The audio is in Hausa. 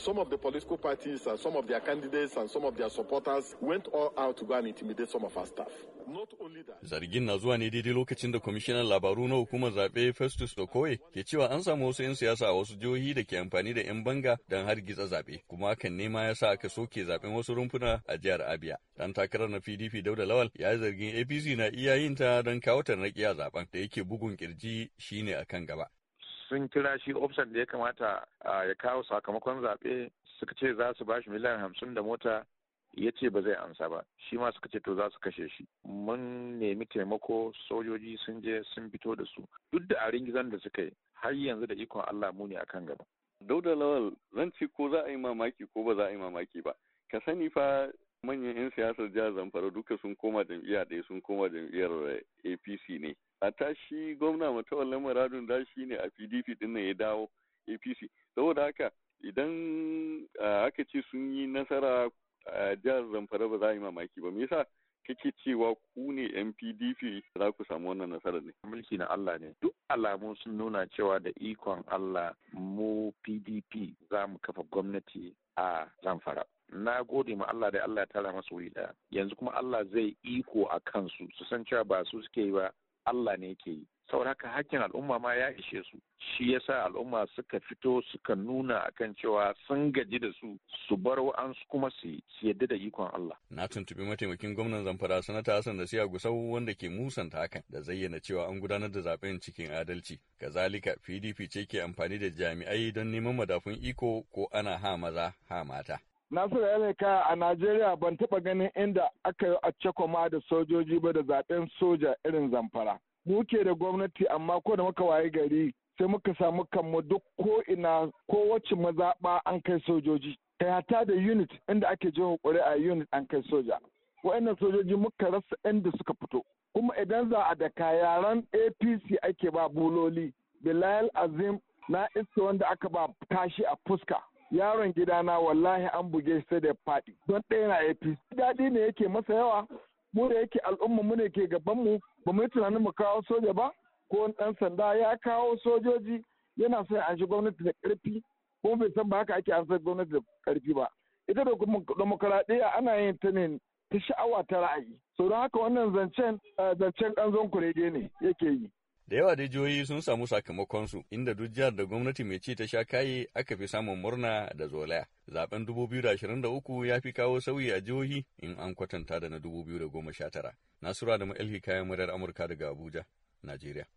Some of the political parties and some of their candidates and some of their supporters went all out to go and intimidate some of our staff. Zargin na zuwa ne daidai lokacin da kwamishinan labaru na hukumar zaɓe Festus kowai ke cewa an samu wasu 'yan siyasa a wasu jihohi da ke amfani da 'yan banga don hargitsa zaɓe, kuma hakan nema ya sa aka soke zaɓen wasu rumfuna a jihar Abia. Dan takarar na PDP Dauda Lawal ya yi zargin APC na iya ta don kawo tarnaƙi zaɓen da yake bugun kirji shine a kan gaba. sun kira shi ofisar da ya kamata ya kawo sakamakon zaɓe suka ce za su bashi miliyan hamsin da mota ya ce ba zai amsa ba shi ma suka ce to za su kashe shi mun nemi taimako sojoji sun je sun fito da su duk da a ringizan da suka yi har yanzu da ikon Allah mu ne kan gaba Dauda Lawal zan ce ko za a yi mamaki ko ba za a yi mamaki ba ka sani fa manyan 'yan siyasar jihar Zamfara duka sun koma jam'iyya ɗaya sun koma jam'iyyar eh, APC ne a tashi gwamna matawallan muradun da shi ne a pdp din ya dawo apc saboda haka idan aka ce sun yi nasara a jihar zamfara ba za a yi mamaki ba me yasa kake cewa ku ne yan pdp za ku samu wannan nasarar ne mulki na allah ne duk alamu sun nuna cewa da ikon allah mu pdp za mu kafa gwamnati a zamfara na gode ma Allah da Allah ya tara masu wuri ɗaya. yanzu kuma Allah zai iko a kansu su san cewa ba su suke yi ba Allah ne yake yi haka hakkin al'umma ma ya ishe su shi yasa al'umma suka fito suka nuna a kan cewa sun gaji da su su bar wa'ansu kuma su yadda da ikon Allah. Na tuntubi mataimakin gwamnan Zamfara sanata Hassan da Siya Gusau wanda ke musanta hakan da zayyana cewa an gudanar da zaben cikin adalci. Kazalika PDP ce ke amfani da jami'ai don neman madafun iko ko ana ha maza ha mata. Nasiru kaya a Najeriya ban taɓa ganin inda aka yi a cakwama da sojoji ba da zaɓen soja irin zamfara. Muke da gwamnati amma ko da muka waye gari sai muka samu kanmu duk ko ina kowace mazaɓa an kai sojoji. Kai da unit inda ake hukuri a unit an kai soja. Wa'annan sojoji muka rasa inda suka fito. Kuma idan za a daka yaran APC ake ba buloli. Bilal Azim na iska wanda aka ba tashi a fuska. yaron gidana wallahi an buge shi sai da faɗi don ɗaya na APC daɗi ne yake masa yawa mu da yake al'umma mu ne ke gaban mu ba mu yi tunanin mu kawo soja ba ko ɗan sanda ya kawo sojoji yana son an shi gwamnati da ƙarfi kuma bai san ba haka ake an san gwamnati da ƙarfi ba ita da demokaradiyya ana yin ta ne ta sha'awa ta ra'ayi sau don haka wannan zancen eh, zancen ɗan zonkurege ne yake yi Da yawa da jihohi sun samu sakamakonsu inda duk jihar da gwamnati mai ci ta sha kaye aka fi samun murna da zolaya. Zaben 2023 ya fi kawo sauyi a jihohi in an kwatanta da na 2019. Nasura da Ma'ilhi kayan murar Amurka daga Abuja, Najeriya.